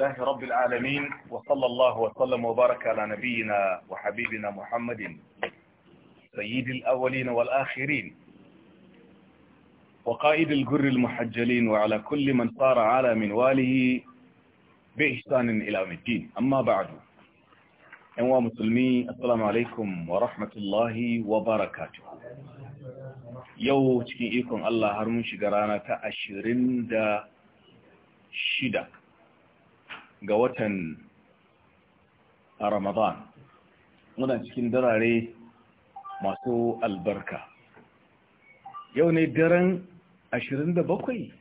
لله رب العالمين وصلى الله وسلم وبارك على نبينا وحبيبنا محمد سيد الأولين والآخرين وقائد الجر المحجلين وعلى كل من صار على من واله بإحسان إلى الدين أما بعد أنواع مسلمي السلام عليكم ورحمة الله وبركاته يو cikin الله Allah har mun shiga rana ga watan Ramadan muna cikin darare masu albarka yau ne daren 27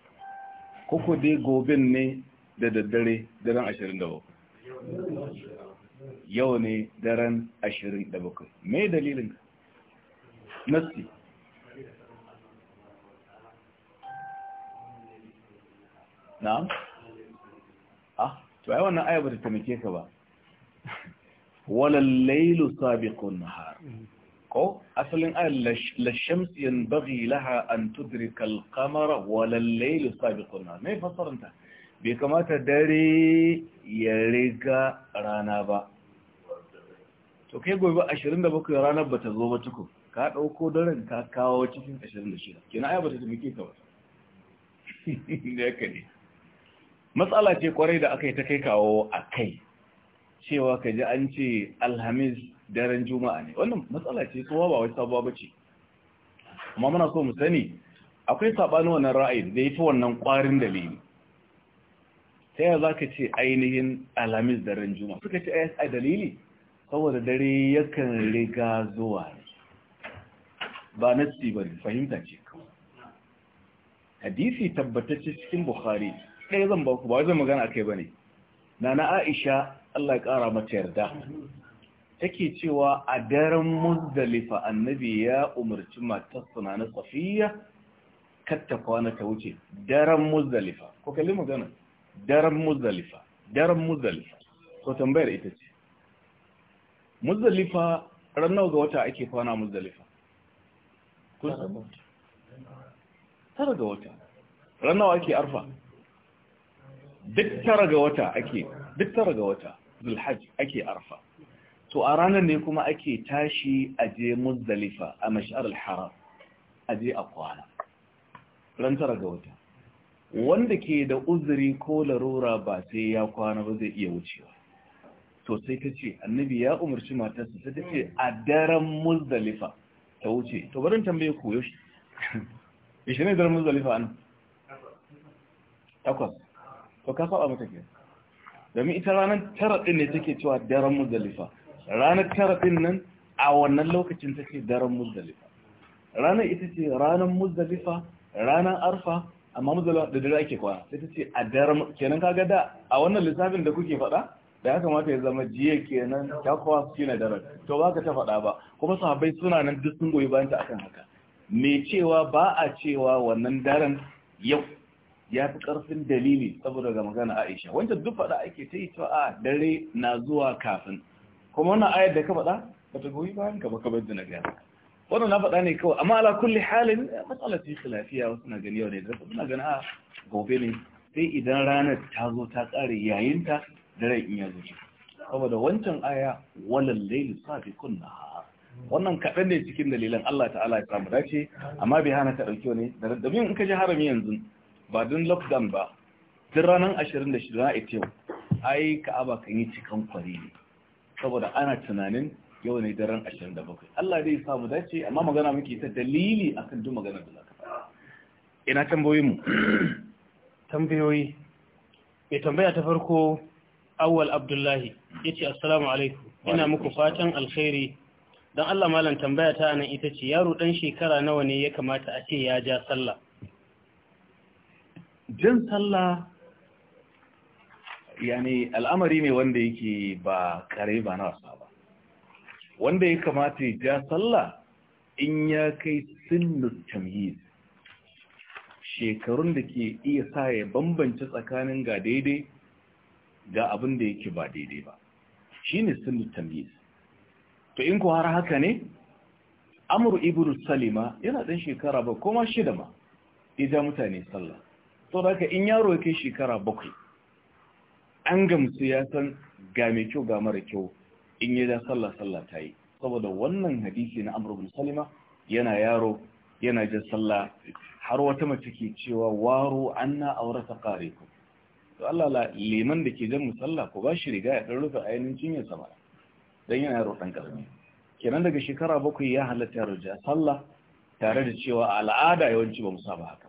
koko dai gobin ne da daddare daren 27 yau ne daren 27 me dalilin nasi na'am ah to ai wannan aya ba ta taimake ka ba walal laylu sabiqun nahar ko asalin ayar lashams yanbaghi laha an tudrika al-qamara walal laylu sabiqun nahar me fasaranta bai kamata dare ya riga rana ba to kai gobe 27 ranar ba ta zo ba tukun ka ɗauko daren ka kawo cikin 26 kina aya ba ta taimake ka ba da yaka ne matsala ce kwarai da aka yi ta kai kawo a kai cewa ka ji an ce alhamis daren juma'a ne wannan matsala ce tsohuwa ba wai sabuwa ba ce amma muna so mu sani akwai saɓani wannan ra'ayi da ya fi wannan kwarin dalili ta yaya za ka ce ainihin alhamis daren juma'a suka ce a dalili saboda dare yakan riga zuwa ne. ba nasi ba fahimta ce kawai hadisi tabbatacce cikin bukhari ɗaya zan ba ku ba wajen magana kai akai bane nana Aisha Allah ya ƙara mata yarda take cewa a daren Muzdalifa annabi ya umarci matar sunana Safiya katta kwana ta wuce daren Muzdalifa ko kalli magana daren Muzdalifa daren Muzdalifa ko tambayar ita ce Muzdalifa ran ga wata ake kwana Muzdalifa kun san tara ga wata ran nawa ake arfa duk tara ga wata ake duk tara ga wata zulhaj ake arfa to a ranar ne kuma ake tashi a je muzdalifa a mashar al-haram a je a kwana ran tara ga wata wanda ke da uzuri ko larura ba sai ya kwana ba zai iya wucewa to sai ta ce annabi ya umarci matarsa sai ta ce a daren muzdalifa ta wuce to barin tambaye ku yaushe yaushe ne daren muzdalifa an takwas to ka faɗa mata ke domin ita ranar tara din ne take cewa daren muzdalifa ranar tara din nan a wannan lokacin take daren muzdalifa ranar ita ce ranar muzdalifa ranar arfa amma muzdalifa da dare ake kwana sai ta ce a daren kenan ka da a wannan lissafin da kuke faɗa da ya kamata ya zama jiya kenan ta kowa su na daren to ba ka ta faɗa ba kuma sahabbai suna nan duk sun goyi bayan ta akan haka me cewa ba a cewa wannan daren yau ya fi ƙarfin dalili saboda ga magana Aisha wanda duk faɗa ake ta yi cewa a dare na zuwa kafin kuma wannan ayar da ka faɗa ba ta goyi bayan ka ba ka na gaya wannan na faɗa ne kawai amma ala kulli halin matsala ce lafiya wasu na gani yau ne da suna gani a gobe ne sai idan ranar ta zo ta tsare yayin ta dare in ya zo saboda wancan aya walal layli sabiqun kunna. wannan kaɗan ne cikin dalilan Allah ta'ala ya samu dace amma bai hana ka ɗauki wani da in ka ji harami yanzu ba don lockdown ba tun ranar 26 na ita ai ka'aba kan yi cikin kwari ne saboda ana tunanin yau ne daren 27 Allah zai samu dace amma magana muke ta dalili akan duk magana da zaka ina tambayoyin mu tambayoyi mai tambaya ta farko awwal abdullahi yace assalamu alaikum ina muku fatan alkhairi don Allah malam tambaya ta nan ita ce yaro dan shekara nawa ne ya kamata a ce ya ja sallah jin sallah yani al'amari ne wanda yake ba kare ba na wasa ba wanda ya kamata ya ja sallah in ya kai Sinus tamyiz shekarun da ke iya sa ya bambance tsakanin ga daidai ga abin da yake ba daidai ba shine Sinus tamyiz to in ku har haka ne amru ibnu salima yana dan shekara ba koma shida ma ya ja mutane sallah to da in yaro ya kai shekara bakwai an gamsu ya san ga mai kyau ga mara kyau in yi da sallah sallah ta yi saboda wannan hadisi na Amurbin salima yana yaro yana jin sallah har wata mace ke cewa waro an na aure ta kare ku to Allah la liman da ke jan musalla ku ba shi riga ya dan rufe ainihin cinye sama dan yana yaro ɗan karami kenan daga shekara bakwai ya halatta yaro ja sallah tare da cewa al'ada yawanci ba mu saba haka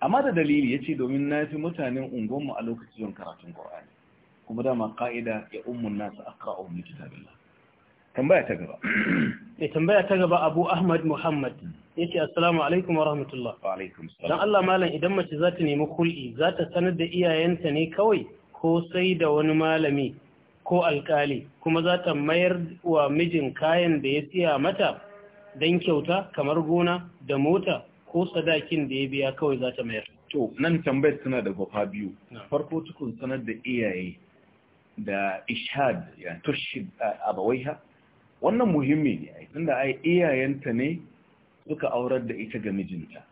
amma da dalili yace domin na fi mutanen unguwanmu a lokacin zuwan karatun Qur'ani kuma dama ka'ida ya ummun nasu aqra'u min kitabillah tambaya ta gaba eh tambaya ta gaba Abu Ahmad Muhammad yace assalamu alaikum wa rahmatullah wa alaikum assalam dan Allah malam idan mace za ta nemi kul'i za ta sanar da iyayenta ne kawai ko sai da wani malami ko alkali kuma za ta mayar wa mijin kayan da ya siya mata don kyauta kamar gona da mota ko sadakin da ya biya kawai za ta mayar to nan tambayar tana da gwafa biyu farko tukun sanar da iyaye da ishad ya bawai ha, wannan muhimmi ne tunda ai iyayenta ne suka aurar da ita ga mijinta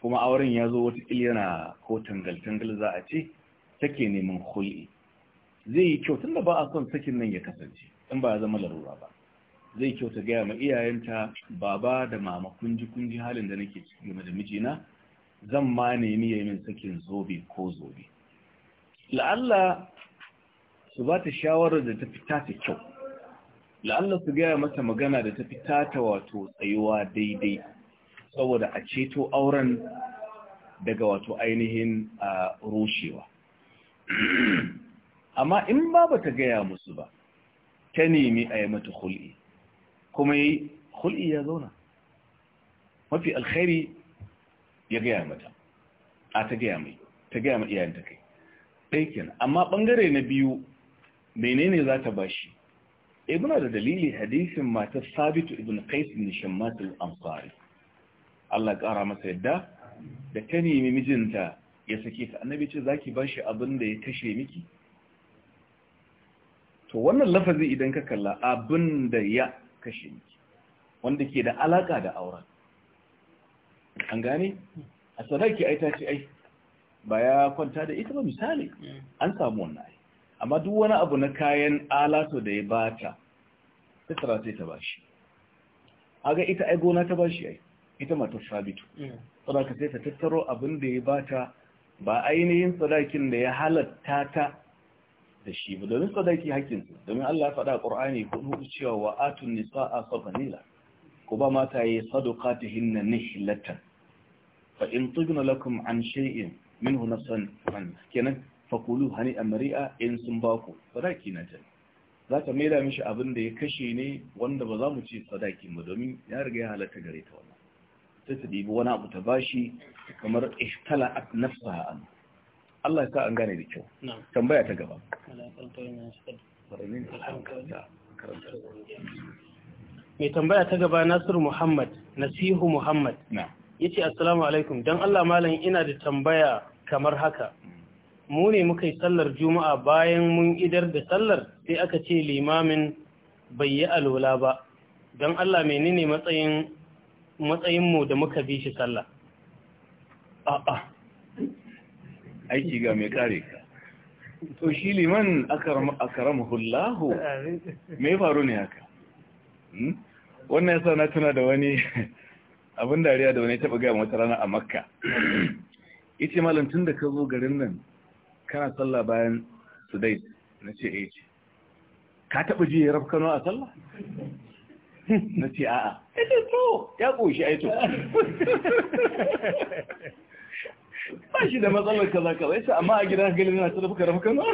kuma auren ya zo wata yana ko tangal-tangal za a ce take neman hul'i zai yi kyau tunda ba a son sakin nan ya kasance in ba ya zama larura ba zai kyauta gaya ma iyayenta baba da mama kunji kunji halin da nake ciki game da mijina zan ma nemi ya min sakin zobe ko zobe la'alla su ba ta shawarar da ta fita ta kyau la'alla su gaya mata magana da ta fita ta wato tsayuwa daidai saboda a ceto auren daga wato ainihin rushewa amma in ba ba ta gaya musu ba ta nemi a yi mata hul'i kuma yayi hul'i ya zauna mafi alkhairi ya gaya mata a ta gaya mai ta gaya mai iyayenta kai ɗaikin amma ɓangare na biyu menene za ta bashi ibuna eh, da dalili hadisin matar sabitu ibn kais bin shammas al Allah ƙara masa yadda da ta nemi mijinta ya sake ta annabi ce za zaki bashi abin da ya kashe miki to wannan lafazi idan ka kalla abin da ya kashe miki wanda ke da alaka da auren an gane a sadaki ai ta ce ai ba ya kwanta da ita ba misali an samu wannan ai amma duk wani abu na kayan alato da ya bata ta tara sai ta bashi aga ita ai gona ta bashi ai ita ta sabitu hmm. sadaka sai ta tattaro abin da ya bata ba ainihin sadakin da ya halatta ta da shi ba domin sadaki su domin Allah faɗa ƙur'ani ko hudu cewa wa atun nisa'a sabanila ko ba mata yi sadaqatihin nihlatan fa in tubna lakum an shay'in minhu nafsan fan kenan fakulu hani mari'a in sun baku sadaki na jan za ta maida mishi abin da ya kashe ne wanda ba za mu ce sadaki ba domin ya riga ya halatta gare ta wannan sai ta ɗibi wani abu ta bashi kamar ihtala'at nafsa a Allah ya sa an gane da kyau tambaya ta gaba mai tambaya ta gaba Nasiru Muhammad Nasihu Muhammad ya ce assalamu alaikum don Allah malam ina da tambaya kamar haka mu ne muka yi sallar juma'a bayan mun idar da sallar sai aka ce limamin bai yi alola ba don Allah menene matsayin mu da muka bi shi sallah a'a aiki ga mai kare ka to shi liman akaram hullahu mai faru ne haka hmm? wannan yasa na tuna da wani abin dariya da wani taba gaya wata rana a makka Ita malam tun da ka zo garin nan kana sallah bayan su dai na ce eh ka taɓa ji ya rafkano a sallah na ce a'a ya ya ƙoshi aito ba shi da matsalar kaza kaza yace amma a gida gali na ta rubuka rubuka no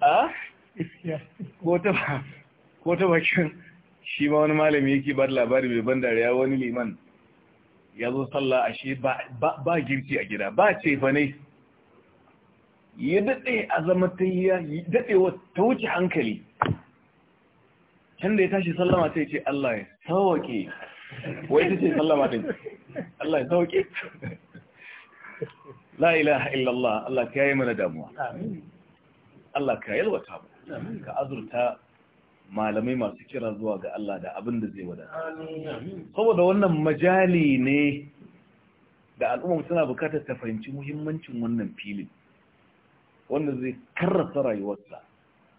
a ko ba ko ta bakin shi ma wani malami yake ba labari mai ban dariya wani liman ya zo sallah a shi ba girki a gida ba ce fa ne ya daɗe a zama ta yi daɗewa ta wuce hankali can da ya tashi sallama ta ce Allah ya sauke wai ta ce sallama ta Allah ya sauke la ilaha illallah Allah ka yi mana damuwa Allah ka yalwata mu ka azurta malamai masu kira zuwa ga Allah da abin da zai wada saboda wannan majali ne da al'umma suna bukatar ta fahimci muhimmancin wannan filin wanda zai karrasa rayuwarsa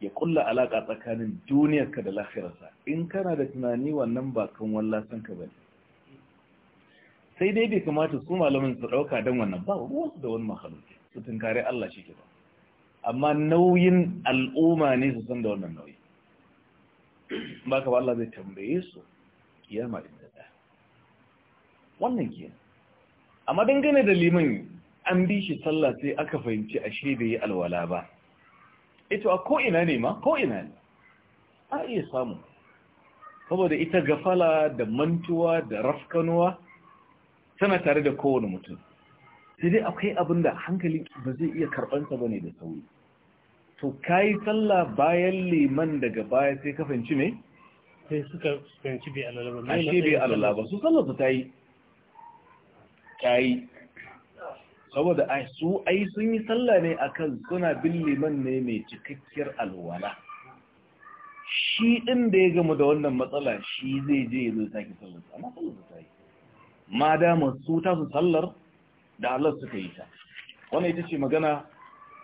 ya kulla alaka tsakanin duniyarka da lafiyarsa in kana da tunani wannan ba kan wallasan ka bane sai dai bai kamata su malamin su ɗauka don wannan ba ruwansu da wani mahaluki su tunkari Allah shi ke ba amma nauyin al'umma ne su san da wannan nauyi ba ka ba Allah zai tambaye su kiyama inda da wannan ke amma dangane da liman an bi shi sallah sai aka fahimci ashe bai yi alwala ba ita eh a ina ne ma Ko ina ne a iya samu saboda ita gafala da mantuwa da rafkanuwa tana tare da kowane mutum sai dai akwai abin da hankali ba zai iya karɓansa ba ne da sauri to ka yi sallah bayan liman daga baya sai ka fahimci ne? sai suka fahimci bai alala ba ashe bai alala ba su sallah su ta yi ta yi saboda su ai sun yi sallah ne akan suna bin liman ne mai cikakkiyar alwala shi ɗin da ya gama da wannan matsala shi zai je ya zo sake sallah amma sallah su ta yi ma dama su tasu sallar da Allah suka yi ta wannan ita ce magana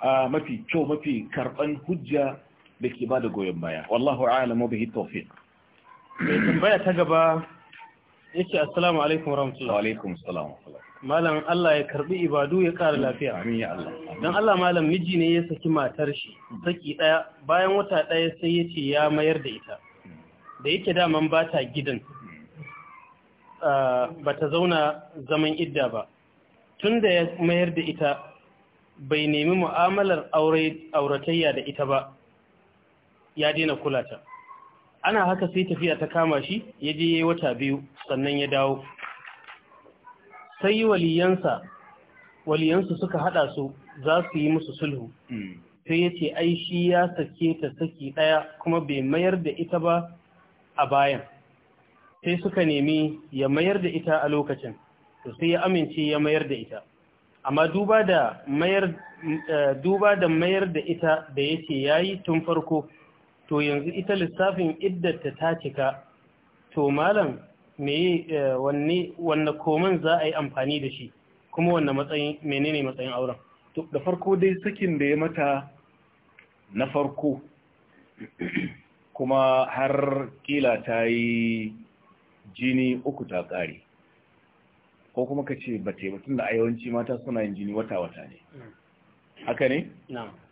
a mafi kyau mafi karban hujja da ke ba da goyon baya wallahu a'lamu bihi tawfiq mai tambaya ta gaba yace assalamu alaikum warahmatullahi wa alaikum assalam malam Allah ya karbi ibadu ya kara lafiya amin ya Allah dan Allah malam miji ne ya saki matar shi saki daya bayan wata daya sai yace ya mayar da ita da yake daman ba ta gidan ba ta zauna zaman idda ba tun da ya mayar da ita bai nemi mu'amalar auratayya da ita ba ya daina kula ta ana haka sai tafiya ta kama shi ya je yi wata biyu sannan ya dawo sai waliyansa waliyansu suka hada su za su yi musu sulhu hmm. sai ya ce ai ya sake ta saki daya kuma bai mayar da ita ba a bayan sai suka nemi ya mayar da ita a lokacin to sai ya amince ya mayar da ita amma duba da mayar eh, duba da mayar da ita da yace yayi tun farko to yanzu ita lissafin iddata ta cika to malam me eh, wanne wanne koman za a yi amfani da shi kuma wanne matsayin menene matsayin auren to da farko dai sakin da ya mata na farko kuma har kila ta yi jini uku ta ƙare ko kuma ka ce ba ce mutum da a mata suna yin jini wata-wata ne mm. haka ne?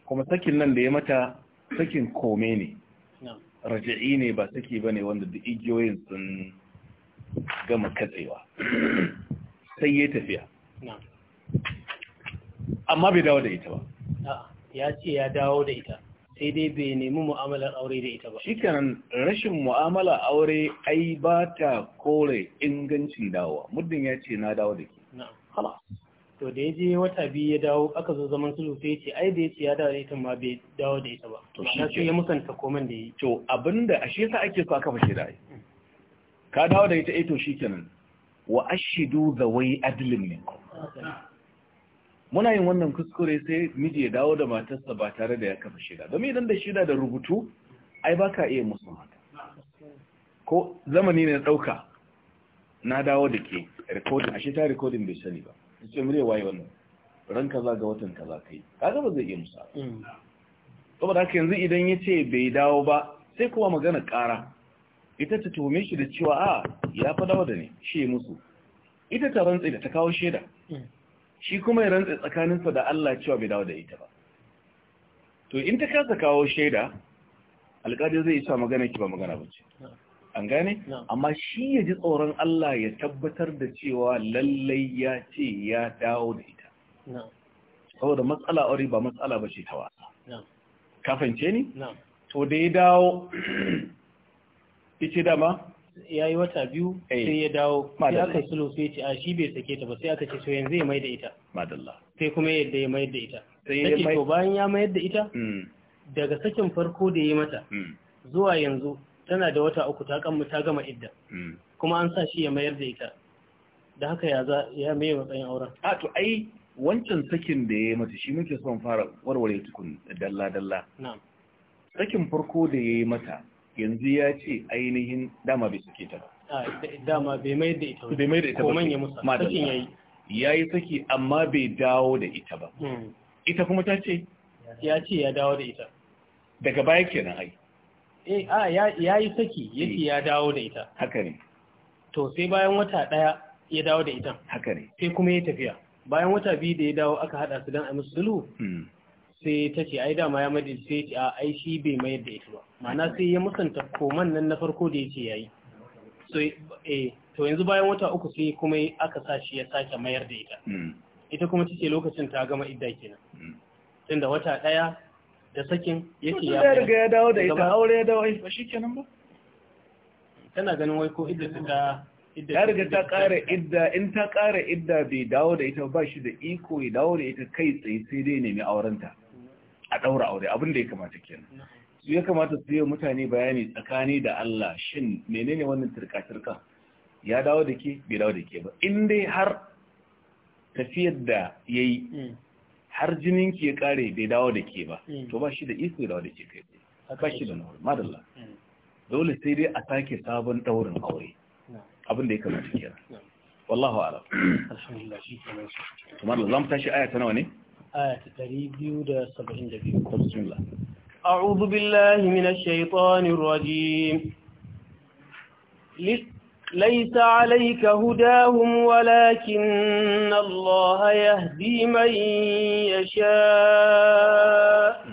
kuma sakin nan da ya mata sakin kome ne raja'i ne ba saki ba ne wanda da igiyoyin sun gama katsewa sai ya tafiya amma bai dawo da ita ba ya ce ya dawo da ita sai dai bai nemi mu'amalar aure da ita ba kanan rashin mu'amala aure ai ba ta kore ingancin dawowa muddin ya ce na dawo da ke na'am to da ya je wata biyu ya dawo aka zo zaman sulhu sai ya ce ai da ya ce ya dawo da ita ma bai dawo da ita ba to shi ya musanta koman da yi to abinda ashe sa ake so aka fashe da ai ka dawo da ita ai eh, to kanan wa ashidu zawai adalin ne. muna yin wannan kuskure sai miji ya dawo da matarsa ba tare da ya kafa shida domin idan da shida da rubutu ai baka iya musu mata ko zamani ne dauka na dawo da ke recording ashe ta recording bai sani ba sai mure waye wannan ran kaza ga watan kaza kai kaga ba zai iya musu ba mm. saboda haka yanzu idan yace bai dawo ba sai kuma magana ƙara ita ta tuhume shi da cewa a ah, ya fa dawo da ne shi musu ita ta rantsi da ta kawo sheda mm. shi kuma ya rantsa tsakaninsa da Allah cewa bai dawo da ita ba to in ta kasa kawo shaida alƙadar zai isa magana ki ba magana ba ce an gane amma shi ya ji tsoron Allah ya tabbatar da cewa lallai ya ce ya dawo da ita saboda matsala aure ba matsala ba ce ta wasa ka ni to da ya dawo ita dama ya yi wata biyu eh. sai ya dawo sai aka sulo sai ce a shi bai sake ta ba sai aka ce so yanzu ya mai da ita sai kuma yadda ya mai da ita sai to bayan ya mayar da ita hmm. daga sakin farko da ya mata hmm. zuwa yanzu tana da wata uku ta kan ta gama idda hmm. kuma an sa shi ya mayar da ita da haka ya za ya mai matsayin auren a to ai wancan sakin da ya mata shi muke son fara warware tukun dalla dalla na'am sakin farko da ya yi mata yanzu ya ce ainihin dama bai suke ta ah, dama bai mai da ita bai mai da ita ba manya musa sakin Ya yi saki amma bai dawo da ita ba hmm. ita kuma ta ce ya ce ya dawo da ita daga baya kenan ai eh a ya yi saki ya ce eh. ya dawo da ita haka ne to sai bayan wata ɗaya ya dawo da ita haka ne sai kuma ya tafiya bayan wata biyu da ya dawo aka haɗa su don a musu sulhu hmm. sai ta ce ai dama ya madi sai ce a ai shi bai mayar da ita ba ma'ana sai ya musanta koman nan na farko da ya ce yayi so eh to yanzu bayan wata uku sai kuma aka sa shi ya sake mayar da ita mm. ita kuma ce lokacin ta gama idda kenan mm. tunda wata daya da sakin yake ya riga ya dawo da ita aure ya dawo eh, ba shikenan ba tana ganin wai ko idda ta ya riga ta ƙara idda in ta ƙara idda bai dawo da ita ba shi da iko ya dawo da ita kai tsaye sai dai nemi aurenta a ɗaura aure abin da ya kamata kenan su ya kamata su yi mutane bayani tsakani da Allah shin menene wannan turka-turka ya dawo da ke bai dawo da ke ba in dai har tafiyar da ya yi hmm. har jinin ki ya kare bai dawo da ke ba hmm. to ba shi da isa ya dawo da ke kai ba shi da nauyi madalla hmm. dole sai dai a sake sabon daurin aure abin da ya kamata kenan wallahu a'lam alhamdulillah shi kenan zan tashi aya ta nawa ne آية تريبيو دا سبعين دبيو بسم الله أعوذ بالله من الشيطان الرجيم ليس عليك هداهم ولكن الله يهدي من يشاء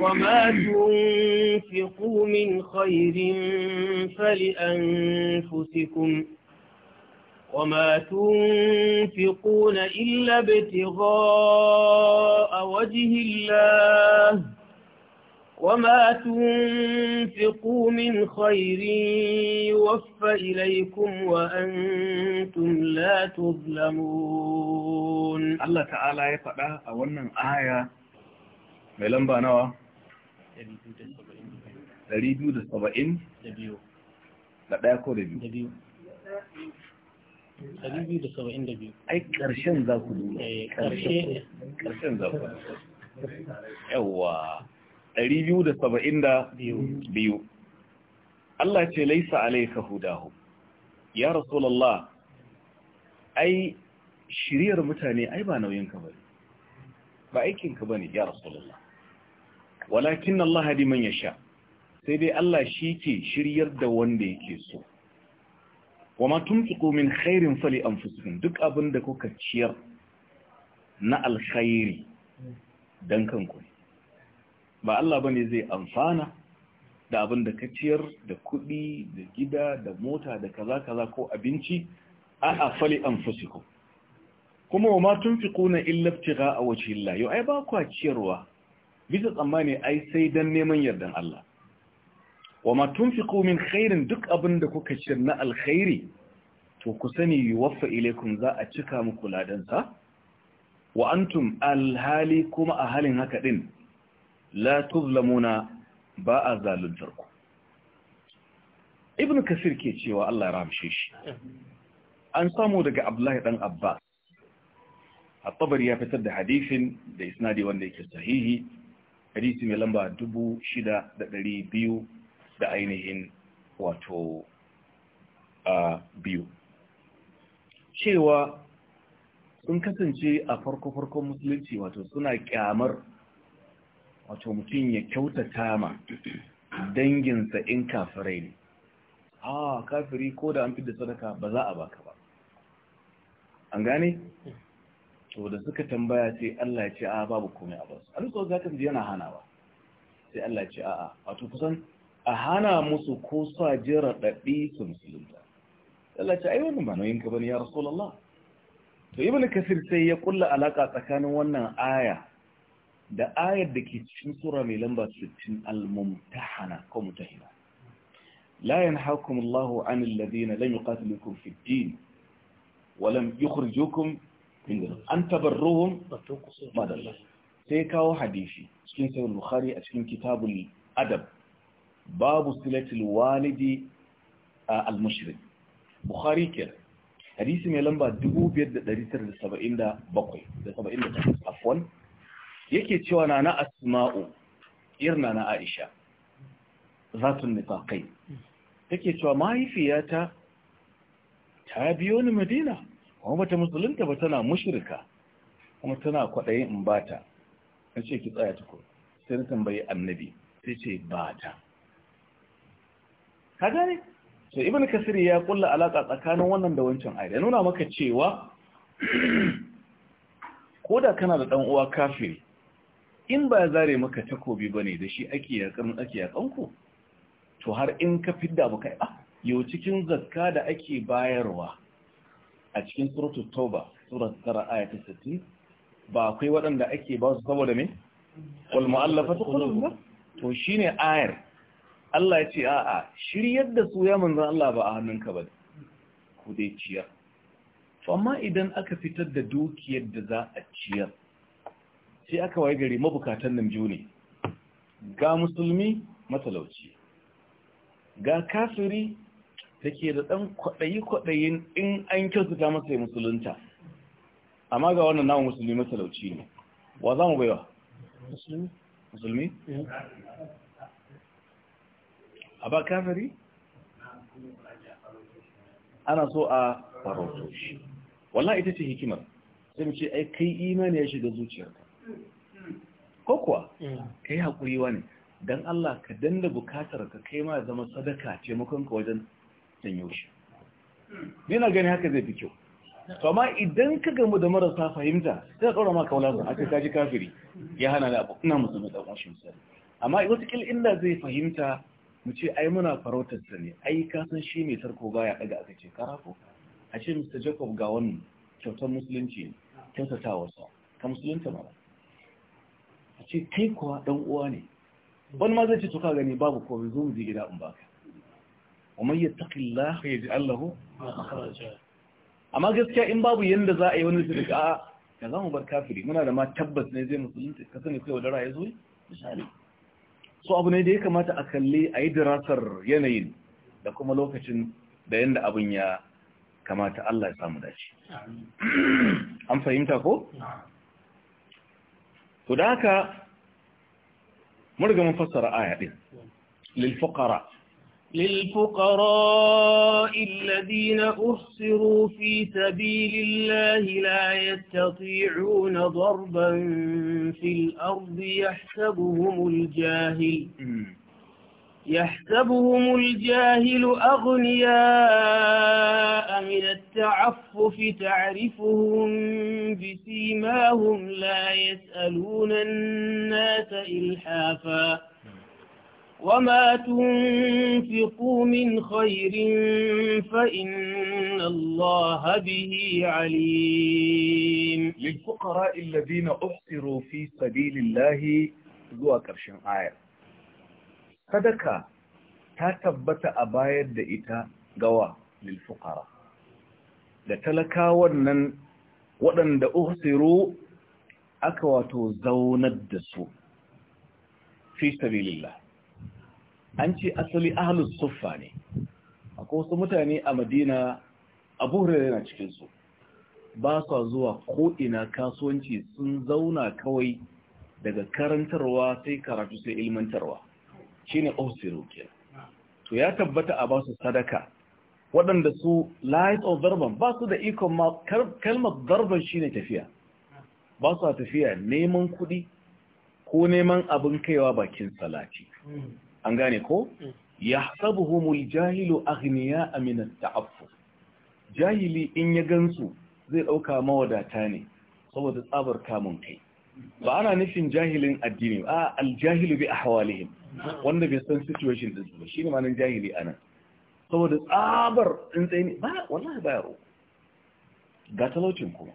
وما تنفقوا من خير فلأنفسكم وما تنفقون إلا ابتغاء وجه الله وما تنفقوا من خير يوفى إليكم وأنتم لا تظلمون الله تعالى يفعل أولا آية ميلان بانوا 272 da ɗaya ko da biyu ai ƙarshen za ku duba eh, ƙarshen za ku yawa 272 Allah ce laisa alaika hudahu ya rasulullah ai shiriyar mutane ai ba nauyin ka bane ba aikin ka bane ya rasulullah walakin Allah hadi man yasha sai dai Allah shi ke shiryar da wanda yake so wa ma min khairin fali anfusikum duk abin da kuka ciyar na alkhairi dan kanku ba Allah bane zai amfana da abin da ka ciyar da kuɗi da gida da mota da kaza kaza ko abinci a'a fali anfusikum kuma wa ma tunfiquna illa a wajhi Allah yau ai ba ku ciyarwa bisa tsammani ai sai dan neman yardan Allah wa ma tunfiqu min khairin duk abin da kuka ciyar na alkhairi to ku sani yuwaffa ilaikum za a cika muku ladan sa wa antum alhali kuma a halin haka din la tuzlamuna ba a zaluntar ku ibn kasir ke cewa Allah ya ramshe shi an samu daga abdullahi dan abbas at-tabari ya fitar da hadisin da isnadi wanda yake sahihi hadisi mai lamba 6200 da ainihin wato a biyu cewa sun kasance a farko-farkon musulunci wato suna kyamar wato mutum ya kyautata ma danginsa in kafirai ne a kafiri ko da an fi da sadaka ba za a baka ba an gane? to da suka tambaya sai Allah ya ce a babu komai a basu an so za ka ji yana hanawa sai Allah ya ce a'a wato kusan a hana musu ko sa ji su musulunta Allah ce ai wannan ba ka ya rasulallah to ibnu kasir sai ya kulla alaka tsakanin wannan aya da ayar da ke cikin sura mai lamba 60 al-mumtahana ko mutahina la yanhaakum Allahu 'anil ladina lam yuqatilukum fid din wa lam yukhrijukum min diyarikum an tabarruhum madalla sai kawo hadisi cikin sahih bukhari a cikin kitabul adab babu silatul walidi al-mushrik bukhari kenan hadisi mai lamba 5977 da yake cewa na na asma'u irna na aisha zatun nifaqai take cewa mahaifiyata ta biyo ni madina kuma bata musulunta ba tana mushrika kuma tana kwaɗayin in bata ce ki tsaya tukun sai na tambayi annabi sai ce bata ka gane To ibn kasir ya kulla alaka tsakanin wannan da wancan ayat ya nuna maka cewa koda kana da dan uwa kafiri in ba zare maka takobi bane da shi ake yakan ake yakan ku to har in ka fidda maka a ah, yau cikin zakka da ake bayarwa a cikin suratul tauba surat tara ayat 60 ba akwai waɗanda ake ba su saboda me wal mu'allafatu qulubuh to shine ayar Allah ya ce a'a shiryar da su ya manzan Allah ba a hannunka ba ku dai ciyar to amma idan aka fitar da dukiyar da za a ciyar sai aka waye gari mabukatan nan biyu ne ga musulmi matalauci ga kafiri da ke da ɗan kwaɗayi-kwaɗayin in an ta masa musulunta amma ga wannan namun musulmi matalauci ne wa za mu baiwa musulmi eh. a ba kafiri ana so a faroto shi ita ce hikimar sai mu ce ai kai imani ya shiga zuciyarka ko kuwa mm. kai hakuri wani dan Allah ka danda bukatar ka kai ma zama sadaka ce mukan wajen sanyo shi ni na gani haka zai fi kyau to amma idan ka gamu da marasa fahimta sai ka kaura maka kaulan a ce ji kafiri ya hana da abu ina musulmi da kuma shi amma wata kil inda zai fahimta mu ce ai muna farautar sa ne ai ka san shi mai tarko baya daga aka ce karafo a ce Mr Jacob ga wannan kyautar musulunci ne kyautata wasa ka musulunta mara a ce kai kuwa dan uwa ne wani ma zai ce to ka gani babu komai zo mu je gida in baka wa man yattaqillaha yaj'al lahu makhraja amma gaskiya in babu yanda za a yi wani shirka a ka za mu bar kafiri muna da ma tabbas ne zai musulunta ka sani kai wadara ya zo misali so abu ne da ya kamata a kalli a yi dirasar yanayin da kuma lokacin da yadda abin ya kamata Allah ya samu dace an fahimta ko? to da haka murga fassara aya ɗin lil fukara. للفقراء الذين أحصروا في سبيل الله لا يستطيعون ضربا في الأرض يحسبهم الجاهل يحسبهم الجاهل أغنياء من التعفف تعرفهم بسيماهم لا يسألون الناس إلحافاً وما تنفقوا من خير فإن الله به عليم للفقراء الذين أحصروا في سبيل الله زوا كرشن آية صدقة تثبت أباية دئتا قوى للفقراء لتلكا ونن ونن دا أكواتو زوند دسو في سبيل الله an ce asali ahlus suffa ne akwai wasu mutane a madina abu hurairu yana cikinsu ba sa zuwa ko'ina kasuwanci sun zauna kawai daga karantarwa sai karatu sai ilmantarwa shi ne ofisiru to ya tabbata a basu sadaka waɗanda su light of darban ba su da ikon kalmar darban shi ne tafiya ba su tafiya neman kuɗi ko neman abin kaiwa bakin salati hmm. an gane ko mm. yahsabuhumul jahilu aghniya min at-ta'affuf jahili in ya gansu zai dauka mawadata ne saboda tsabar kamun kai ba ana nufin jahilin addini a aljahilu bi ahwalihim wanda bai san situation din ba shine malan jahili anan saboda tsabar tsaye ba wallahi ba yaro ga talaucin kuma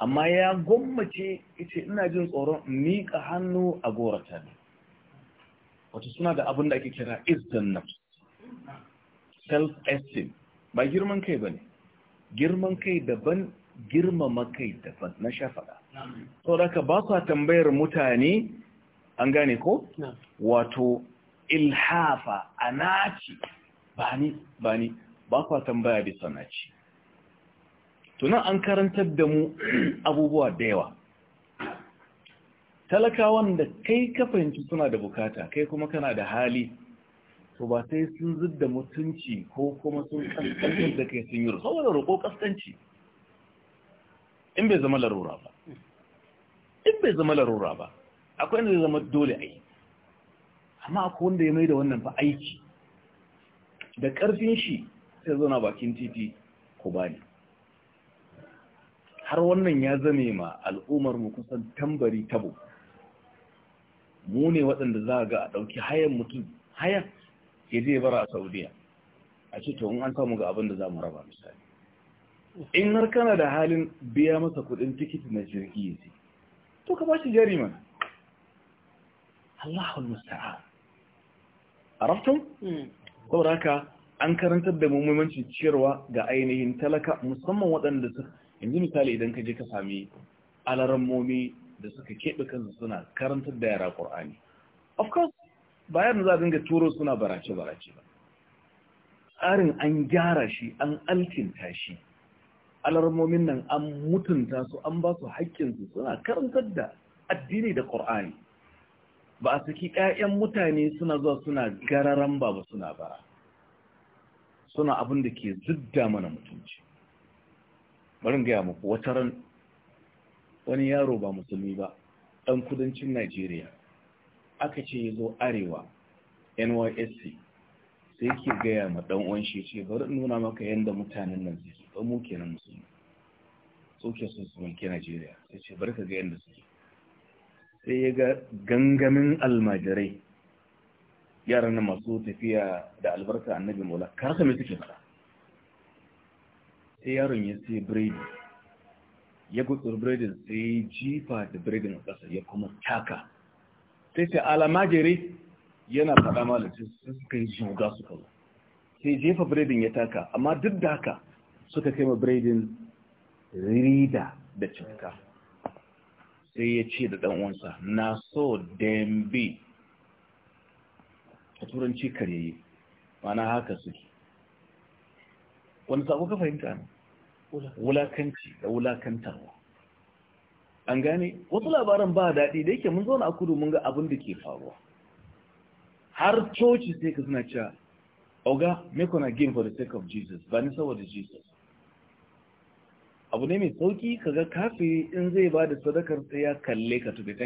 amma ya gwammace yace ina jin tsoron miƙa hannu a gorata ne wato suna da abin da ake kira izdan nafs self esteem ba girman kai bane girman kai daban girmama kai daban na shafaɗa sau da ka ba tambayar mutane an gane ko wato ilhafa a naci ba ni ba ni ba kwa tambaya bisa naci tunan an karantar da mu abubuwa da yawa talakawan da kai ka fahimci suna da bukata kai kuma kana da hali to ba sai sun zidda mutunci ko kuma sun kaskantar da kai sun yi saboda roƙo kaskanci in bai zama larura ba in bai zama larura ba akwai inda zai zama dole a yi amma akwai wanda ya mai da wannan ba aiki da ƙarfin shi sai zauna bakin titi ko bani har wannan ya zame ma al'ummar mu kusan tambari tabo mu ne waɗanda za ga a ɗauki hayan mutum hayan ya zai bara a saudiya a ce to in an samu ga abin da za mu raba misali in har kana da halin biya masa kuɗin tikiti na jirgi ya ce to ka ba shi jari mana Allahul Musta'a raftun? Hmm. saboda haka an karantar da muhimmancin ciyarwa ga ainihin talaka musamman waɗanda su yanzu misali idan ka je ka sami alarammomi da suka keɓe kansu suna karantar da yara ƙur'ani of course bayan za a dinga turo suna barace-barace ba tsarin an gyara shi an alkinta shi alarmomin nan an mutunta su an ba su haƙƙinsu suna karantar da addini da ƙur'ani ba a saki ƴaƴan mutane suna zuwa suna gararan ba ba suna ba, suna abin da ke zidda mana mutunci bari gaya muku wata wani yaro ba musulmi ba ɗan kudancin najeriya aka ce ya zo arewa nysc sai ke gaya ma ɗan uwan shi ce bari nuna maka yadda mutanen nan suke ba mu kenan musulmi soke sun su mulki najeriya sai ce bari ka ga yadda suke sai ya ga gangamin almajirai yaran na masu tafiya da albarka annabi mola karka mai suke fara. sai yaron ya sai biredi ya gutsur biredin sai ya jifa da biredin a ƙasa ya kuma taka sai ce alamajere yana faɗa malacin suka yi shiga suka kawo sai jefa biredin ya taka amma duk da haka suka kai ma biredin rida da cinka sai ya ce da ɗan'uwansa na so dembe a turanci yi, mana haka suke wani sabo ka fahimta ne wulakanci da wulakantarwa an gane wasu labaran ba daɗi da yake mun zauna a kudu mun ga abin da ke faruwa har coci sai ka suna cewa oga make on again for the sake of jesus ba ni saboda jesus abu ne mai sauki ka ga kafi in zai ba da sadakar sai ya kalle ka tuɗe ta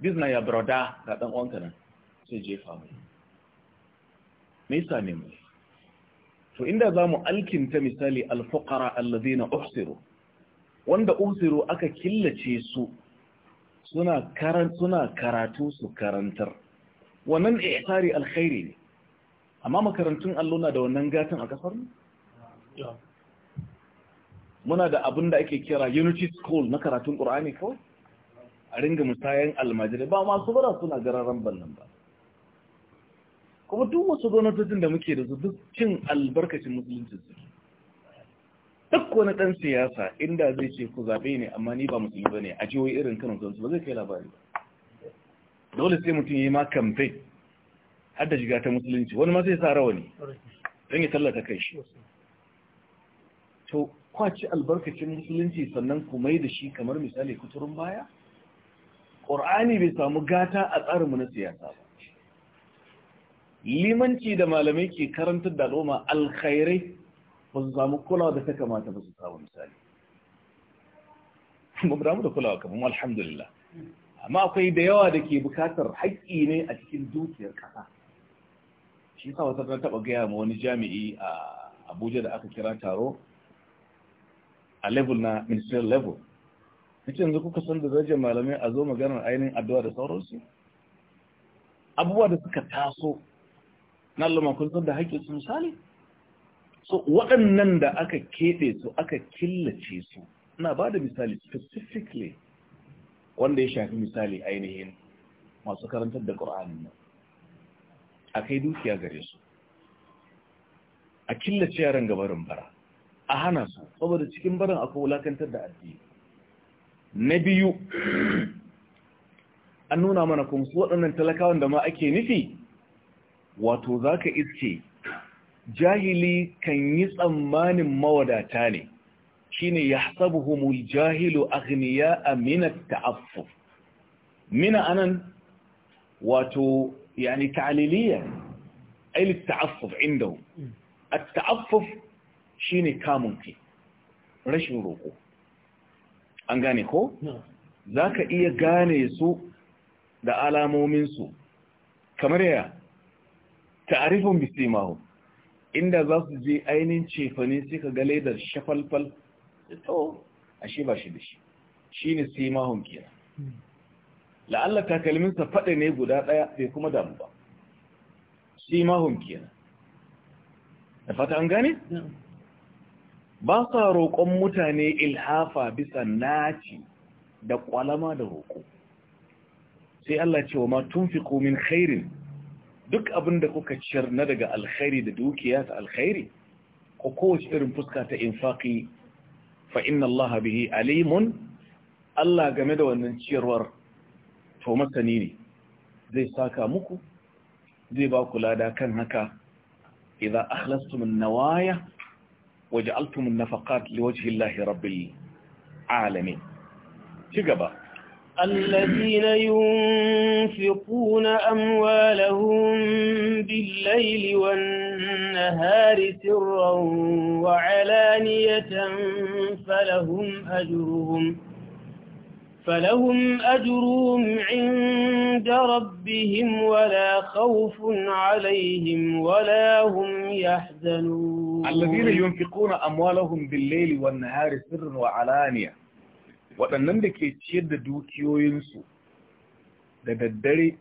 this na ya broda ga ɗan uwanka nan sai jefa mai me yasa ne mai to inda za mu alkinta misali alfukara allazina uhsiru wanda uhsiru aka killace su suna karatu su karantar wannan ihsari alkhairi ne amma makarantun na da wannan gatan a kasar muna da abin da ake kira unity school na karatun ƙur'ani kawai a ringa musayen almajirai ba masu bara suna gararan bannan ba kuma duk wasu gwamnatocin da muke da su duk cin albarkacin musulunci su duk wani ɗan siyasa inda zai ce ku zaɓe ne amma ni ba musulmi ba ne a wai irin kano zonsu ba zai kai labari ba dole sai mutum ya yi ma kamfe har da shiga ta musulunci wani ma sai sa rawani don ya tallata kai shi to kwaci albarkacin musulunci sannan ku mai da shi kamar misali kuturin baya ƙur'ani bai samu gata a tsarinmu na siyasa ba limanci da malamai ke karantar da al'umma alkhairai ba su samu kulawa da ta kamata ba su samu misali ba mu da kulawa kamar alhamdulillah amma akwai da yawa da ke bukatar haƙƙi ne a cikin dukiyar ƙasa shi sa wata ta taɓa gaya ma wani jami'i a abuja da aka kira taro a level na ministerial level cikin yanzu kuka san da zaje malamai a zo maganar ainihin addu'a da sauransu abubuwa da suka taso na allama kun san da haƙƙi su misali so waɗannan da aka keɓe su aka killace su ina ba da misali specifically wanda ya shafi misali ainihin masu karantar da ƙura'anin nan a kai dukiya gare su a killace yaran gabarin bara a hana su saboda cikin barin akwai wulakantar da addini na biyu an nuna mana kuma su waɗannan talakawan da ma ake nufi wato za ka iske jahili kan yi tsammanin mawadata ne shi ne ya sabuhumul jahilu agniya aminat ta'affuf mina anan wato yani ta'aliliya ailit ta'affuf indahu at-ta'affuf shine kamun kai rashin roƙo an gane ko za ka iya gane su da alamomin su kamar ya ta'arifun bisimahu inda za su je ainihin cefane sai ka ga da shafalfal da to shi ba shi da shi ne simahun kenan la'alla takalminsa faɗa ne guda ɗaya bai kuma damu ba simahun kenan da fata an gane ba sa roƙon mutane ilhafa bisa naci da ƙwalama da roƙo sai Allah ce ma ma fi min khairin duk abin da kuka ciyar na daga alkhairi da dukiya ta alkhairi ko kowace irin fuska ta infaqi fa inna Allah bihi alimun Allah game da wannan ciyarwar to masani ne zai saka muku zai ba ku lada kan haka idza akhlastum an-nawaya waj'altum an-nafaqat liwajhi Allah rabbil alamin ci gaba الذين ينفقون أموالهم بالليل والنهار سرا وعلانية فلهم أجرهم فلهم أجرهم عند ربهم ولا خوف عليهم ولا هم يحزنون الذين ينفقون أموالهم بالليل والنهار سرا وعلانية waɗannan da ke ciyar da dukiyoyinsu da daddare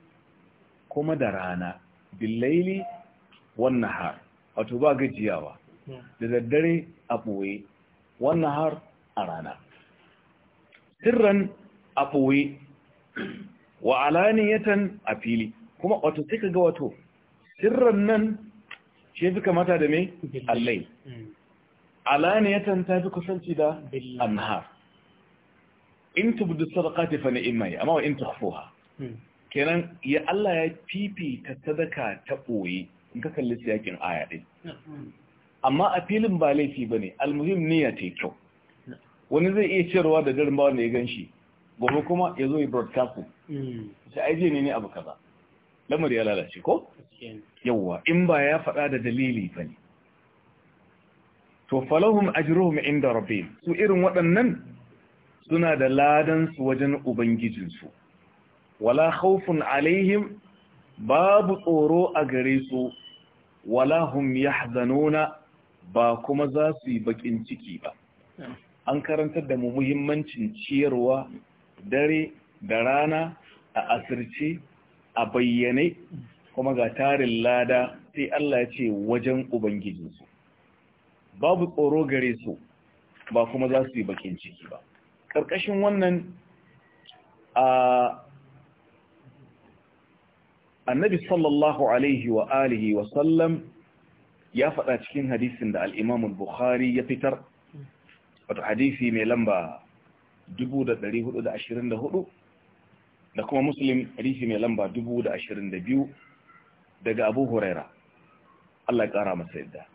kuma da rana billaili wannan har wato ba gajiyawa da daddare a ɓoye wannan har a rana sirran a ɓoye wa alaniyatan a fili kuma wato sai kaga ga wato sirran nan shi fi kamata da mai allai mm. alaniyatan ta fi kusanci da annahar in tubdu sadaqati fa ni'ma amma wa in tukhfuha hmm. kenan ya Allah ya fifita sadaka ta ɓoye in ka kalli siyakin aya din hmm. amma a filin ba laifi ne, almuhim niyya ta kyau hmm. wani zai iya cewa da garin bawan da ya ganshi gobe kuma ya zo ya broadcast sai ai ne ne abu kaza lamar ya lalace ko yawwa in ba ya faɗa da dalili bane to falahum ajruhum inda rabbihim su irin waɗannan suna da ladansu wajen ubangijinsu wala khawfun alaihim babu tsoro a gare su wala hum yahzanuna ba kuma za su yi bakin ciki ba an karantar da mu muhimmancin ciyarwa dare da rana a asirce a bayyane kuma ga tarin lada sai Allah ya ce wajen ubangijinsu babu tsoro gare su ba kuma za su yi bakin ciki ba ƙarƙashin wannan annabi sallallahu alaihi wa alihi wa sallam ya faɗa cikin hadisin da al'imamun bukhari ya fitar wata hadisi mai lamba 424 da kuma muslim hadisi mai lamba 22 daga abu huraira Allah ya ƙara masa yadda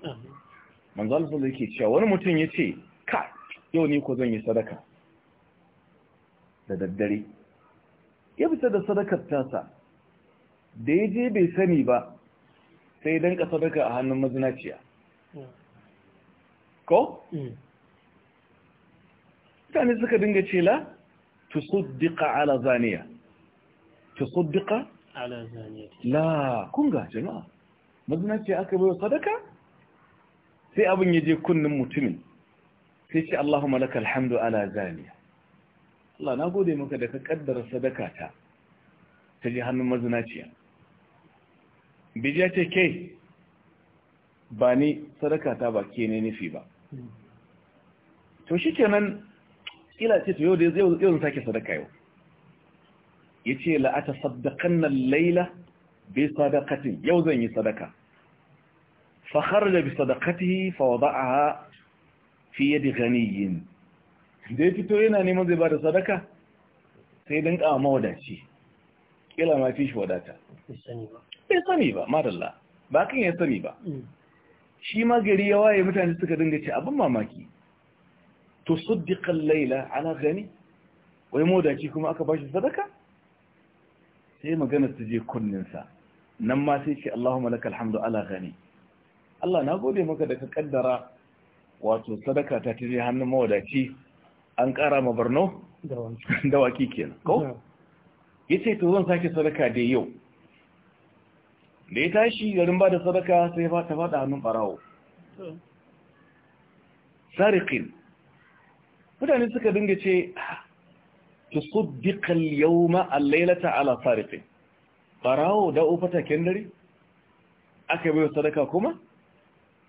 manzo da yake cewa wani mutum ya ce ka yau ni ko zan yi sadaka da daddare ya fita da sadakar tasa da ya je bai sani ba sai dan ka sadaka a hannun mazinaciya ko? Mm. mutane suka dinga ce la tusuddika ala zaniya tusuddika ala zaniya la kunga jama'a mazinaciya aka bai sadaka sai abin ya je kunnin mutumin sai ce Allahu laka Hamdu ala zaniya Allah na gode maka da ka kaddara sadaka ta ta ji hannun mazinaciya bijiya ce ke ba ni sadaka ta ba ke ne nufi ba to shi kenan kila ce to yau da yau zan sake sadaka yau ya ce la'ata saddakan nan laila bai sadakatin yau zan yi sadaka fahar da bi sadakati fa wada'aha fi yadi ganiyin da ya fito yana neman zai ba da sadaka sai dinka wa mawadaci kila ma fi shi wadata bai sani ba madalla ba kan ya sani ba mm. shi ma gari ya waye mutane suka dinga ce abin mamaki to suddiqal laila ana gani wai mawadaci kuma aka bashi sadaka sai magana su je kunninsa nan ma sai ce Allahumma lakal alhamdu ala gani Allah na gode maka da ka kaddara wato sadaka ta tije hannun mawadaci an ƙara ma barno Da dawaki kenan ko ya ce to zan sake sadaka da yau da ya tashi garin ba da sadaka sai ta faɗa hannun ɓarawo sarikin mutane suka dinga ce ta subbiƙal yau ma'allailata ala sarikin Barawo da ofata kendare aka bai sadaka kuma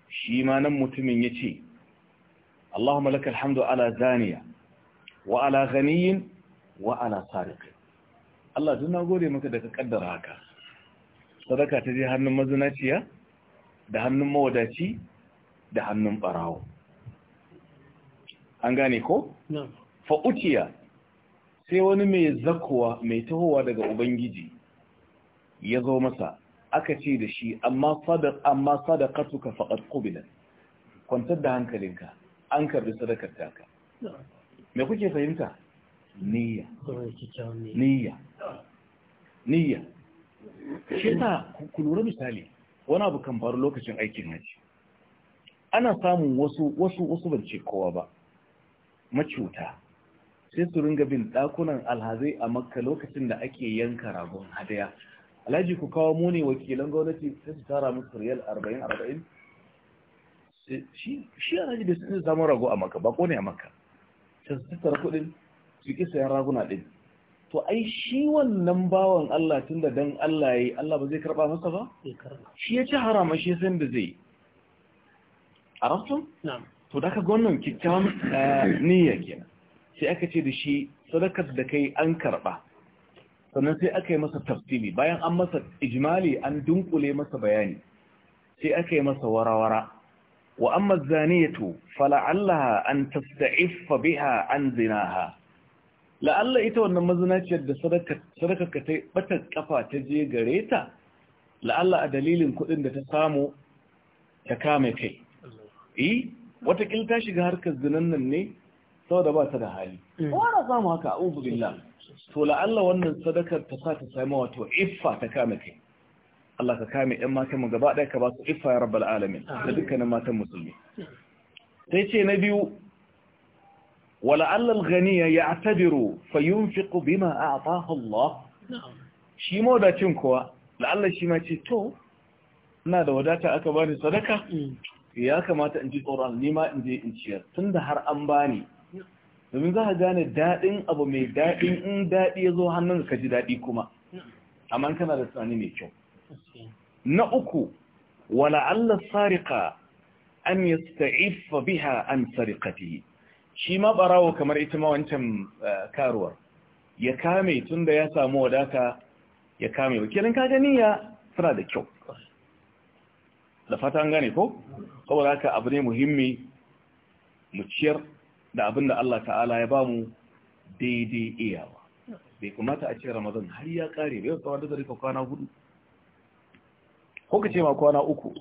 shi ma nan mutumin ya ce Allahumma laka alhamdu ala zaniya wa ala ghaniyin wa ala sariqin Allah duk na gode maka da ka kaddara haka sadaka ta je hannun mazinaciya da hannun mawadaci da hannun barawo an gane ko fa'uciya sai wani mai zakowa mai tahowa daga ubangiji ya zo masa aka ce da shi amma sadaq amma sadaqatuka faqad qubilat kwantar da hankalinka an karbi sadakar taka me kuke fahimta niyya niyya niyya shi ta ku lura misali wani abu kan faru lokacin aikin haji ana samun wasu wasu wasu bance kowa ba macuta sai su ringa bin dakunan alhazai a makka lokacin da ake yanka ragon hadaya alhaji ku kawo muni wakilan gwamnati sai su tara musu riyal 40 40 shi alhaji bai sun samu rago a makka ba kone ne a makka tattara kuɗin su sayan raguna ɗin to ai shi wannan bawan Allah tun da dan Allah ya yi Allah ba zai karɓa masa ba? shi ya ci harama shi san da zai a rafton? to da ka gwannan eh, niyya kenan sai aka ce da shi sadakar da kai an karɓa sannan sai aka yi masa tafsili bayan an masa ijimali an dunkule masa bayani sai aka yi masa warawara wa amma zaniyatu fala'allaha an tasta'iffa biha an zinaha la'alla ita wannan mazinaciyar da sadaka ka ta bata kafa ta je gareta? ta la'alla a dalilin kudin da ta ta kame kai eh watakil ta shiga harkar zinan nan ne saboda ba ta da hali wara mm. samu haka a'udhu billah to la'alla wannan sadakar ta sa ta samu wato iffa ta kame kai Allah ka kame ‘yan matanmu gaba ɗaya ka ba su ifa ya rabbal alamin da dukkanin matan musulmi. Sai ce na biyu, wala allal gani ya atabiru fa fi bima a atahu Allah. Shi mawadacin kuwa, Allah shi ma ce, to, ina da wadata aka bani sadaka? Mm. Ya kamata in ji tsoron nima in je in ciyar, tun da har an bani. Domin za ka gane daɗin abu mai daɗin in daɗi ya zo hannun ka ji daɗi kuma, amma kana da tunani mai kyau. na uku wala Allah sariqa an yasta'iffa biha an sariqatihi shi ma barawo kamar ita ma wancan eh, karuwar ya kame tunda ya samu wadata ya kame wakilin ka gani ya suna da kyau da fata an gane ko saboda haka abu ne muhimmi muciyar, da abin da Allah ta'ala ya bamu daidai iyawa bai kamata a ce Ramadan har ya kare bai tsawon da kwana hudu ko ka ce ma kwana uku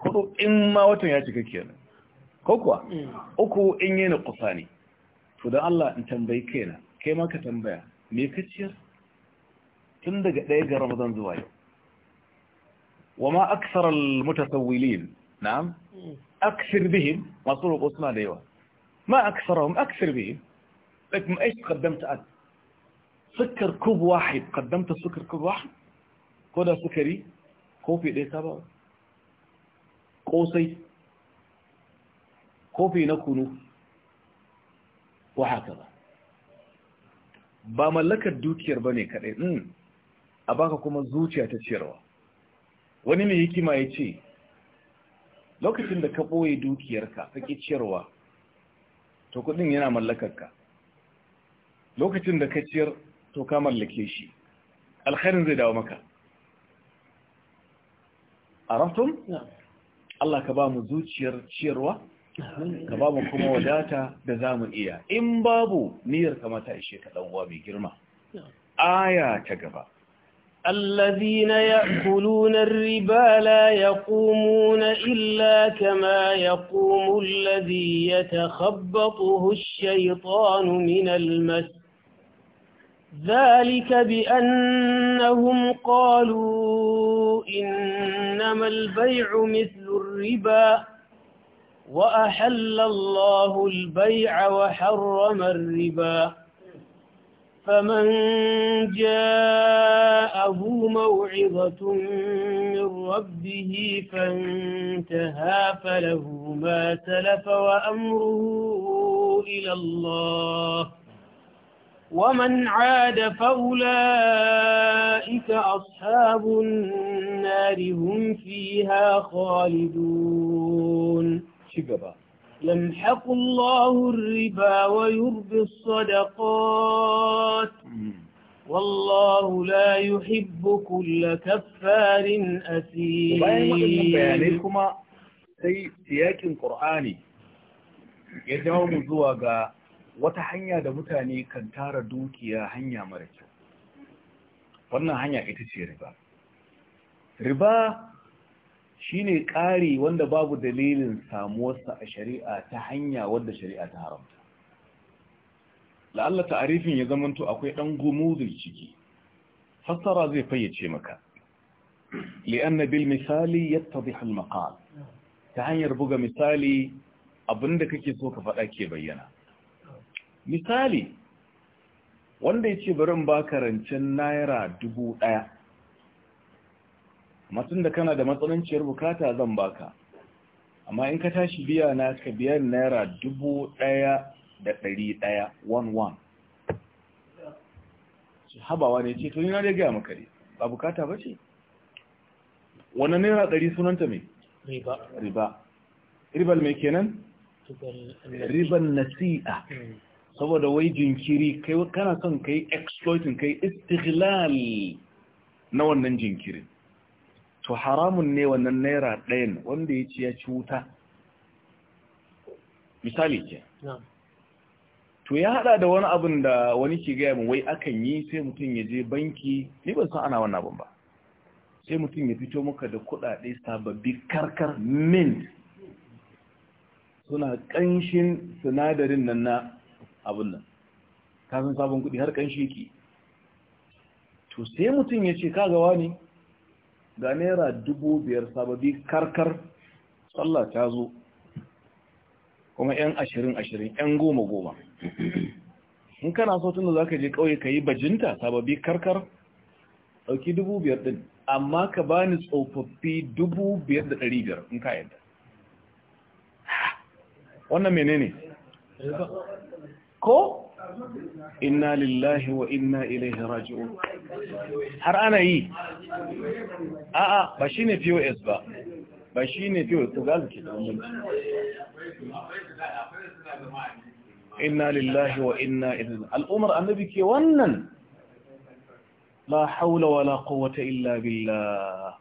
hudu in ma watan ya cika kenan ko kuwa uku in yi na ne to don Allah in tambayi kaina kai ma ka tambaya me ka ciyar tun daga ɗaya ga ramadan zuwa yau wa ma aksar al-mutasawwilin na'am aksir bihim masu roƙo suna da yawa ma aksarahum aksir bihim ma ايش قدمت انت سكر كوب واحد قدمت سكر كوب واحد كودا سكري kofi ɗaya ta ba ƙosai kofi na kunu wa haka ba ba mallakar dukiyar ba ne kaɗai hmm. a baka kuma zuciya ta ciyarwa wani mai hikima ya ce lokacin da ka ɓoye dukiyarka ƙi ciyarwa to kuɗin yana mallakarka lokacin da ka ciyar to ka mallake shi alkhairin zai dawo maka araftum Allah ka ba mu zuciyar ciyarwa ka ba mu kuma wadata da za mu iya in babu niyar kamata ishe ka ɗanwa mai girma aya ta gaba الذين يأكلون الربا لا يقومون إلا كما يقوم الذي يتخبطه الشيطان من المس ذلك بأنهم قالوا إنما البيع مثل الربا وأحل الله البيع وحرم الربا فمن جاءه موعظة من ربه فانتهى فله ما تلف وأمره إلى الله ومن عاد فأولئك أصحاب النار هم فيها خالدون شكرا يمحق الله الربا ويربي الصدقات والله لا يحب كل كفار أثيم وبعدين كما سي قرآني يدعو مزوغا wata hanya da mutane kan tara dukiya hanya mara kyau wannan hanya ita ce riba riba shine ƙari wanda babu dalilin samuwarsa a shari'a ta hanya wadda shari'a ta haramta la'alla ta'arifin ya zamanto akwai ɗan gumuzur ciki fassara zai fayyace maka li'anna bil misali yattadhihu al maqal ta hanyar buga misali abinda kake so ka faɗa ke bayyana misali wanda ya ce barin ba karancin naira dubu ɗaya matun da kana da matsananciyar bukata zan baka amma in ka tashi biya na ka biya naira dubu ɗaya da ɗari ɗaya one one shi habawa ne ce tuni na da gaya maka ba bukata ba ce wani naira ɗari sunanta mai riba riba ribal mai kenan ribal eh, nasi'a hmm. saboda wai jinkiri kai kana son kai exploiting kai istighlal na wannan jinkirin to haramun ne wannan naira ɗayan wanda ya ci ya ci wuta misali ke to ya hada da wani abin da wani ke gaya mu wai akan yi sai mutum ya je banki ni ban san ana wannan abin ba sai mutum ya fito muka da kuɗaɗe sababbi karkar mint suna ƙanshin sinadarin nan na abin nan kasan sabon kuɗi har kanshi ki. to sai mutum ya ce ka gawa ne ga naira dubu biyar sababi karkar sallah ta zo kuma 'yan ashirin ashirin 'yan goma goma in kana so tun da za ka je ƙauye ka yi bajinta sababi karkar ɗauki dubu biyar ɗin amma ka bani tsofaffi dubu biyar da ɗari biyar in ka yadda wannan menene ko inna lillahi wa inna ilaihi raji'un har ana yi a'a ba shine POS ba ba shine POS ko ga zuke da mun inna lillahi wa inna ilaihi al'umar annabi ke wannan la haula wala quwwata illa billah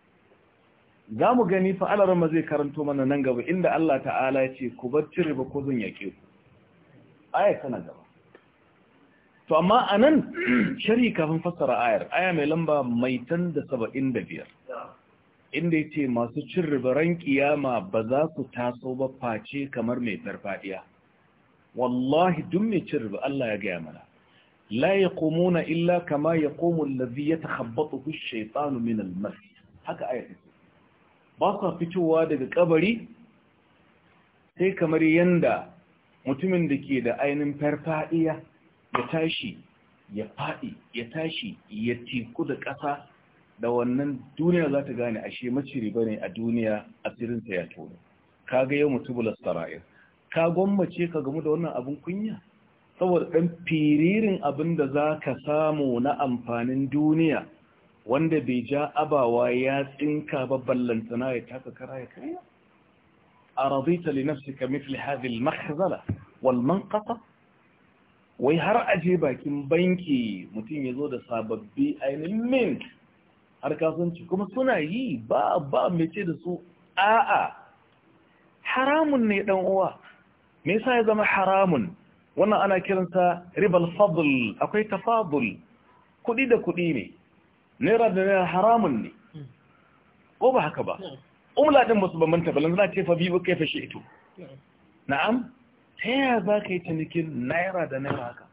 zamu gani fa alarma zai karanto mana nan gaba inda Allah ta'ala ya ce ku bar riba ko zun yake ku ayar tana gaba to amma a nan shari kafin fassara ayar aya mai lamba maitan da saba'in da biyar inda ya ce masu cin ribaran kiyama ba za su taso ba face kamar mai farfadiya wallahi duk mai cin riba Allah ya gaya mana la yaqumuna illa kama yaqumu allazi yatakhabbathu ash-shaytanu min al haka ayar ce. ba su fitowa daga kabari sai kamar yanda mutumin da ke da ainihin farfaɗiya ya tashi ya faɗi ya tashi ya teku da ƙasa da wannan duniya za ta gane ashe maciri ba ne a duniya asirinsa ya tono ka ga yau mutubular sara'ir ka gwammace ka gamu da wannan abin kunya saboda ɗan firirin abin da za ka samu na amfanin duniya wanda bai ja abawa ya tsinka ba ballantana ya taka kara ya kaya أرضيت لنفسك مثل هذه المخزلة والمنقطة ويهر أجيبا كم بينكي متين يزود صابق بي منك المين أركاظنك كما سنة هي با با متين سو آآ آآ حرام نيدن هو ميسا يزم حرام وانا انا كيرنسا ربا الفضل اكوي تفاضل كدي دا كدي ني نيرا دا حرام ني او umla din musu bambanta balan za ce fa biyu kai fashe ito na'am ta yaya za ka yi cinikin naira da naira haka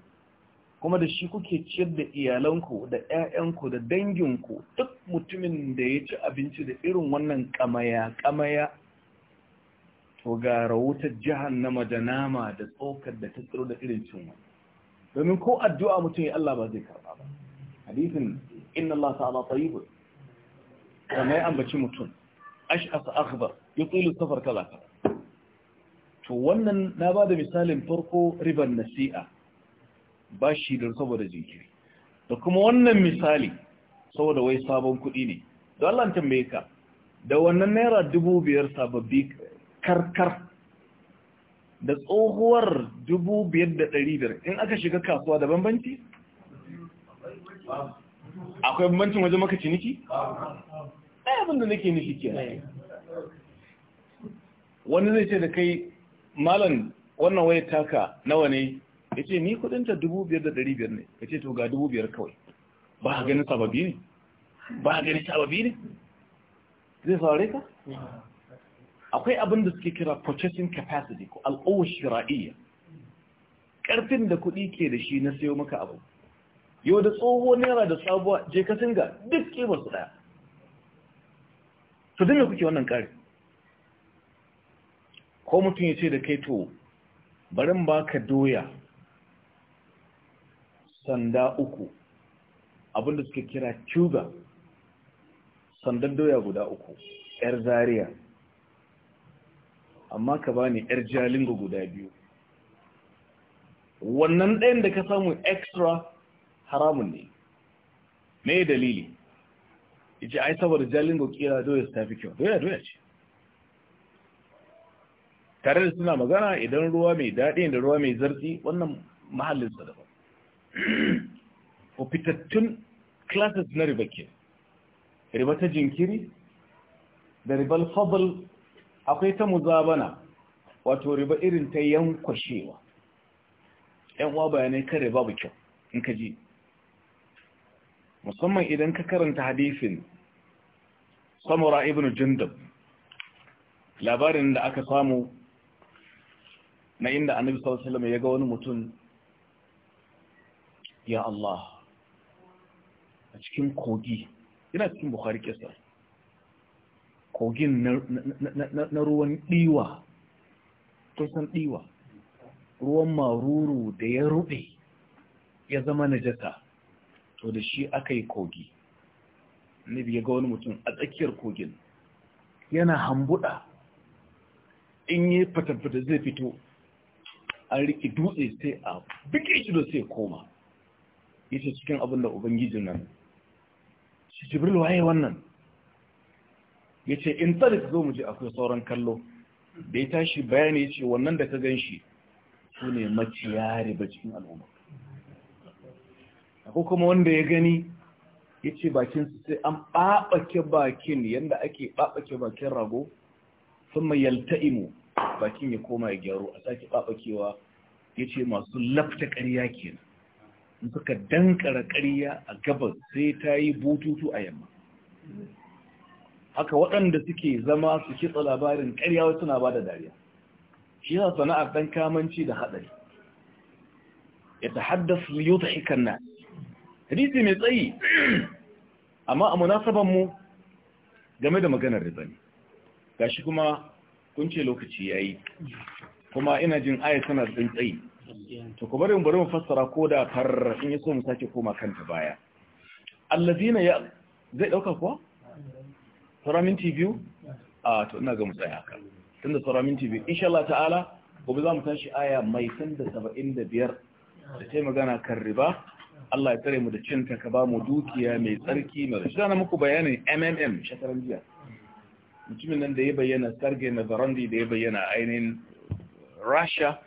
kuma da shi kuke ciyar da iyalanku da 'ya'yanku da danginku duk mutumin da ya ci abinci da irin wannan kamaya kamaya to ga rahotar jihar na majanama, da tsokar da ta tsiro da irin cin domin ko addu'a mutum ya Allah ba zai karba ba hadisin inna Allah ta'ala tayyibun kamar ya ambaci mutum ash'as akhbar yutilu safar kala to wannan na bada misalin farko riban nasi'a bashi don saboda jinkiri da kuma wannan misali saboda wai sabon kuɗi ne Da Allah tambaye ka da wannan naira dubu biyar sababbi karkar da tsohuwar dubu biyar da ɗari biyar in aka shiga kasuwa da bambanci? akwai bambancin waje maka ciniki? abin da nake nufi ke wani zai ce da kai malam wannan waya taka nawa ne ya ce ni kudinta dubu biyar da dari biyar ne ya ce to ga dubu biyar kawai ba a ganin sababi ne ba a ganin sababi ne zai fara ka akwai abin da suke kira purchasing capacity ko al'awar shira'iyya ƙarfin da kuɗi ke da shi na sayo maka abu yau da tsohuwa naira da sabuwa je ka singa duk kimar su ɗaya to dinga kuke wannan ƙari ko mutum ya ce da kai to barin ka doya sanda uku abinda suke kira cuga sandan doya guda uku yar zariya amma ka bani yar jalingo guda biyu wannan ɗayan da ka samu extra haramun ne me dalili ji ai saboda jalingo kira doya ta fi kyau doya doya ce tare da suna magana idan ruwa mai daɗi da ruwa mai zartsi wannan mahallin sa daban ko fitattun classes na riba ke riba ta jinkiri da ribal fadl akwai ta muzabana wato riba irin ta yankwashewa yan uwa bayanai kan riba bu kyau in ka ji musamman idan ka karanta hadisin samura ibn jindab labarin da aka samu na inda annabi sallallahu alaihi wasallam ya ga wani mutum ya Allah a cikin kogi yana cikin bukhari kisa kogin na ruwan diwa kun diwa ruwan maruru da ya rube ya zama najasa to da shi aka yi kogi nabi ya ga wani mutum a tsakiyar kogin yana hambuda in yi fatafata zai fito an riki dutse sai a bike shi da sai koma yace cikin abin da ubangijin nan shi jibril waye wannan yace in tsari zo mu je akwai sauran kallo da ya tashi bayani yace wannan da ka ganshi sune maciya ba cikin al'umma ko kuma wanda ya gani ya ce bakinsu sai an ɓaɓake bakin yadda ake ɓaɓake bakin rago sun mai imo bakin ya koma ya gyaru a sake ɓaɓakewa ya ce masu lafta ƙarya kenan in suka dankara ƙarya a gabas sai ta yi bututu a yamma haka waɗanda suke zama su kitsa labarin ƙarya suna ba da dariya shi yana sana'ar ɗan kamanci da haɗari ya ta haddasa liyu ta hikan hadisi mai tsayi amma a munasaban mu game da maganar riba ne shi kuma kun ce lokaci yi, kuma ina jin aya tana da tsayi to ku bari mu bari fassara ko da far in yi so mu sake koma kanta baya allazina ya zai dauka kuwa sura tv biyu a to ina ga mu tsaya haka tunda sura tv biyu insha Allah ta'ala gobe za mu tashi aya mai biyar da ta yi magana kan riba Allah ya tsare mu da cinta ka ba mu dukiya mai tsarki mai rashi. na muku bayanin MMM shataran jiya. Mutumin nan da ya bayyana Sergei Nazarandi da ya bayyana ainihin Rasha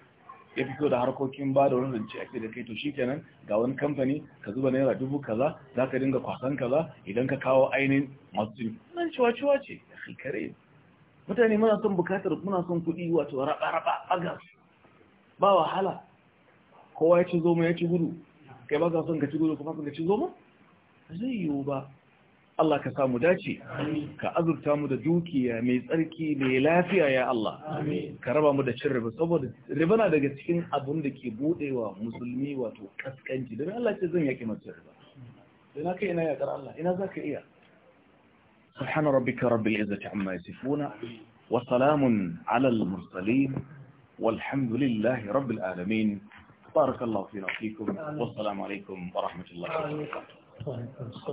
ya fito da harkokin ba da wani rance ake da kai to shi kenan ga wani kamfani ka zuba naira dubu kaza za ka dinga kwasan kaza idan ka kawo ainihin masu nan ciwa-ciwa ce ya kare mutane muna son bukatar muna son kuɗi wato raba-raba agas ba wahala kowa ya ci zo ya ci gudu kai ba ka son ka ci gudu kuma ka ci zoma zai yiwu ba Allah ka samu dace ka azurta mu da dukiya mai tsarki mai lafiya ya Allah ka raba mu da cin riba saboda riba na daga cikin abun da ke budewa musulmi wato kaskanci don Allah ce zan yake mace riba don haka ina yakar Allah ina za ka iya subhana rabbika rabbil izzati amma yasifuna wa salamun ala al mursalin walhamdulillahi rabbil بارك الله فينا وفيكم والسلام عليكم ورحمة الله وبركاته